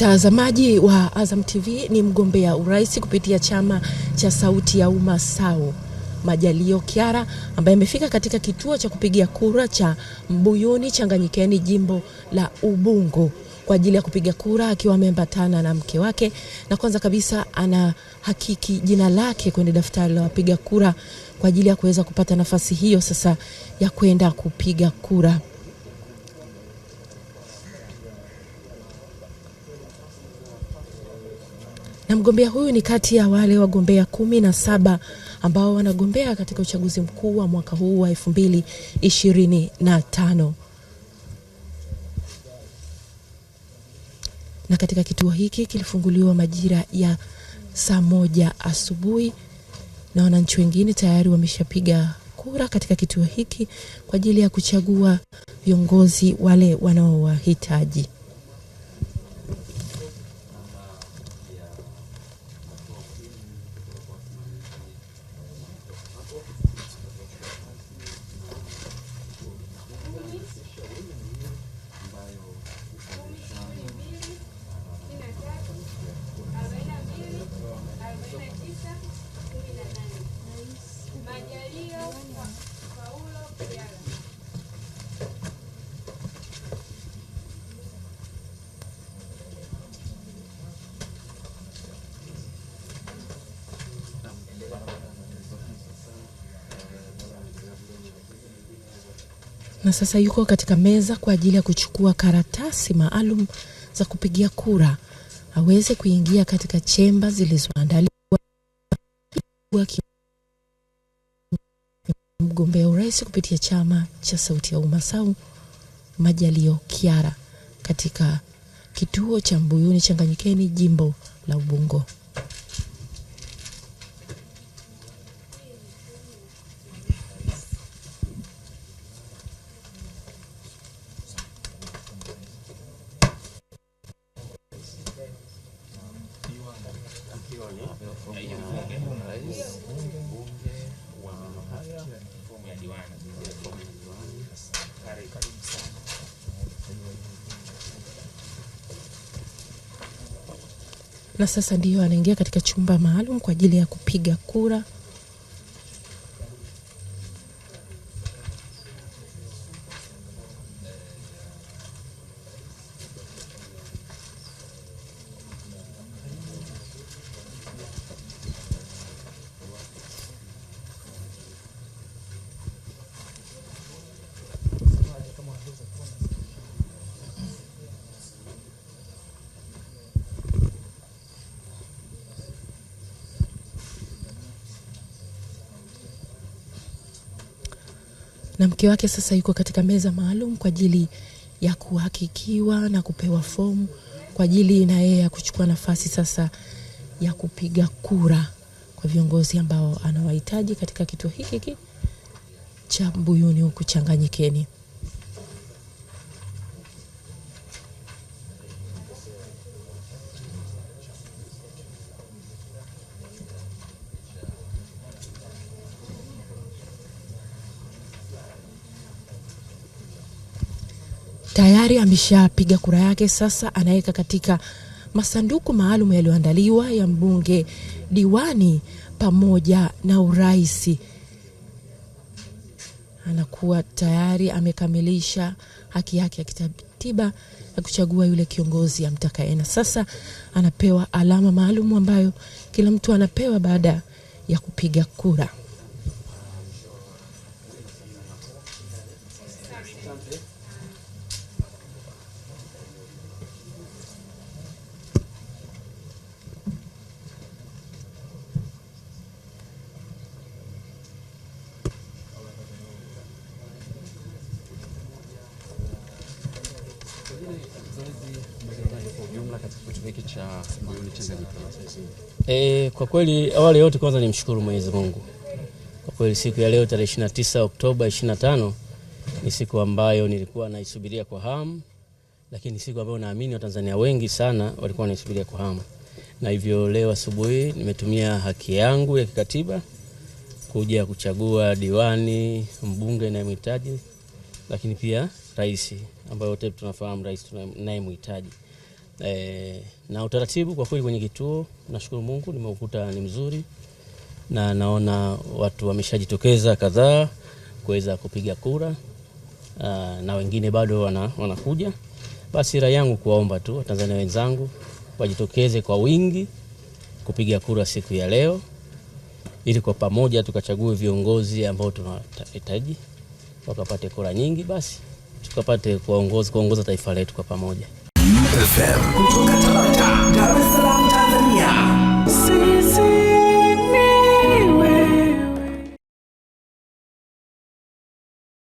Mtazamaji wa Azam TV ni mgombea urais kupitia chama cha Sauti ya Umma SAU Majalio kiara ambaye amefika katika kituo cha kupigia kura cha Mbuyuni Changanyikeni, jimbo la Ubungo kwa ajili ya kupiga kura akiwa ameambatana na mke wake, na kwanza kabisa ana hakiki jina lake kwenye daftari la wapiga kura kwa ajili ya kuweza kupata nafasi hiyo sasa ya kwenda kupiga kura. na mgombea huyu ni kati ya wale wagombea kumi na saba ambao wanagombea katika uchaguzi mkuu wa mwaka huu wa tano Na katika kituo hiki kilifunguliwa majira ya saa moja asubuhi na wananchi wengine tayari wameshapiga kura katika kituo hiki kwa ajili ya kuchagua viongozi wale wanaowahitaji. na sasa yuko katika meza kwa ajili ya kuchukua karatasi maalum za kupigia kura aweze kuingia katika chemba zilizoandaliwa mgombea urais kupitia chama cha Sauti ya Umma SAU Majalio Kiara katika kituo cha Mbuyuni Changanyikeni jimbo la Ubungo. ni rais, wa fomu ya diwani, Na sasa ndiyo anaingia katika chumba maalum kwa ajili ya kupiga kura. na mke wake sasa yuko katika meza maalum kwa ajili ya kuhakikiwa na kupewa fomu kwa ajili na yeye ya kuchukua nafasi sasa ya kupiga kura kwa viongozi ambao anawahitaji katika kituo hiki cha Mbuyuni huku Changanyikeni. tayari ameshapiga kura yake, sasa anaweka katika masanduku maalum yaliyoandaliwa ya mbunge, diwani pamoja na urais. Anakuwa tayari amekamilisha haki yake ya kikatiba ya kuchagua yule kiongozi amtakaye, na sasa anapewa alama maalum ambayo kila mtu anapewa baada ya kupiga kura. E, kwa kweli awali yote kwanza nimshukuru Mwenyezi Mungu. Kwa kweli siku ya leo tarehe 29 Oktoba 25 ni siku ambayo nilikuwa naisubiria kwa hamu, lakini siku ambayo naamini Watanzania wengi sana walikuwa wanaisubiria kwa hamu, na hivyo leo asubuhi nimetumia haki yangu ya kikatiba kuja kuchagua diwani, mbunge nayemhitaji, lakini pia rais ambayo wote tunafahamu rais mhitaji e, eh, na utaratibu kwa kweli kwenye kituo nashukuru Mungu nimeukuta ni mzuri, na naona watu wameshajitokeza kadhaa kuweza kupiga kura aa, ah, na wengine bado wana, wanakuja. Basi rai yangu kuwaomba tu Watanzania wenzangu wajitokeze kwa wingi kupiga kura siku ya leo ili kwa pamoja tukachague viongozi ambao tunawahitaji wakapate kura nyingi basi tukapate kuongoza kuongoza taifa letu kwa pamoja. FM